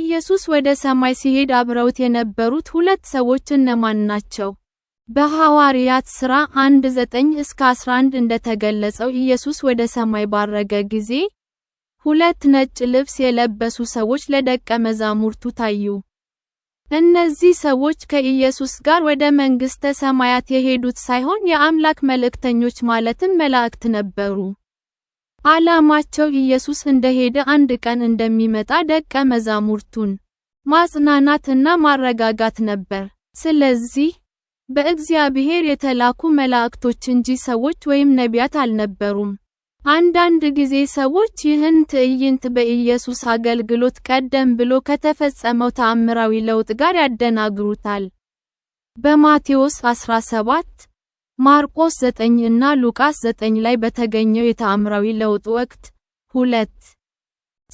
ኢየሱስ ወደ ሰማይ ሲሄድ አብረውት የነበሩት ሁለት ሰዎች እነማን ናቸው? በሐዋርያት ሥራ 1:9 እስከ 11 እንደተገለጸው ኢየሱስ ወደ ሰማይ ባረገ ጊዜ፣ ሁለት ነጭ ልብስ የለበሱ ሰዎች ለደቀ መዛሙርቱ ታዩ። እነዚህ ሰዎች ከኢየሱስ ጋር ወደ መንግሥተ ሰማያት የሄዱት ሳይሆን የአምላክ መልእክተኞች ማለትም መላእክት ነበሩ። ዓላማቸው ኢየሱስ እንደሄደ አንድ ቀን እንደሚመጣ ደቀ መዛሙርቱን ማጽናናትና ማረጋጋት ነበር። ስለዚህ በእግዚአብሔር የተላኩ መላእክቶች እንጂ ሰዎች ወይም ነቢያት አልነበሩም። አንዳንድ ጊዜ ሰዎች ይህን ትዕይንት በኢየሱስ አገልግሎት ቀደም ብሎ ከተፈጸመው ተአምራዊ ለውጥ ጋር ያደናግሩታል። በማቴዎስ 17 ማርቆስ 9 እና ሉቃስ 9 ላይ በተገኘው የተአምራዊ ለውጥ ወቅት፣ ሁለት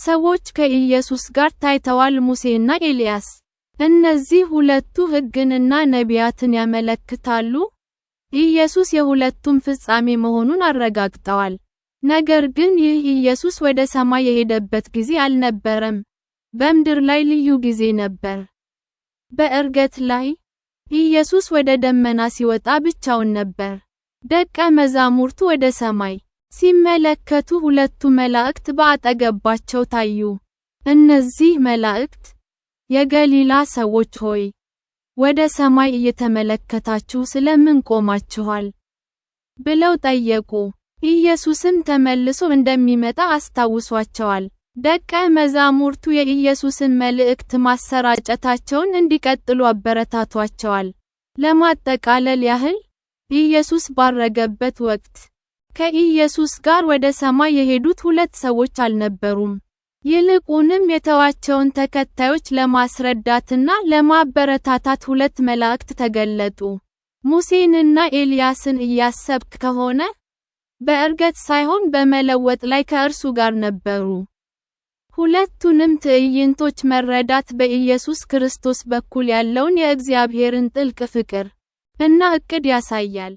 ሰዎች ከኢየሱስ ጋር ታይተዋል ሙሴና ኤልያስ። እነዚህ ሁለቱ ሕግንና ነቢያትን ያመለክታሉ። ኢየሱስ የሁለቱም ፍጻሜ መሆኑን አረጋግጠዋል። ነገር ግን ይህ ኢየሱስ ወደ ሰማይ የሄደበት ጊዜ አልነበረም። በምድር ላይ ልዩ ጊዜ ነበር። በእርገት ላይ ኢየሱስ ወደ ደመና ሲወጣ ብቻውን ነበር። ደቀ መዛሙርቱ ወደ ሰማይ ሲመለከቱ ሁለቱ መላእክት በአጠገባቸው ታዩ። እነዚህ መላእክት፣ የገሊላ ሰዎች ሆይ፣ ወደ ሰማይ እየተመለከታችሁ ስለምን ቆማችኋል? ብለው ጠየቁ። ኢየሱስም ተመልሶ እንደሚመጣ አስታውሷቸዋል። ደቀ መዛሙርቱ የኢየሱስን መልእክት ማሰራጨታቸውን እንዲቀጥሉ አበረታቷቸዋል። ለማጠቃለል ያህል፣ ኢየሱስ ባረገበት ወቅት፣ ከኢየሱስ ጋር ወደ ሰማይ የሄዱት ሁለት ሰዎች አልነበሩም። ይልቁንም የተዋቸውን ተከታዮች ለማስረዳትና ለማበረታታት ሁለት መላእክት ተገለጡ። ሙሴንና ኤልያስን እያሰብክ ከሆነ፣ በእርገት ሳይሆን በመለወጥ ላይ ከእርሱ ጋር ነበሩ። ሁለቱንም ትዕይንቶች መረዳት በኢየሱስ ክርስቶስ በኩል ያለውን የእግዚአብሔርን ጥልቅ ፍቅር እና እቅድ ያሳያል።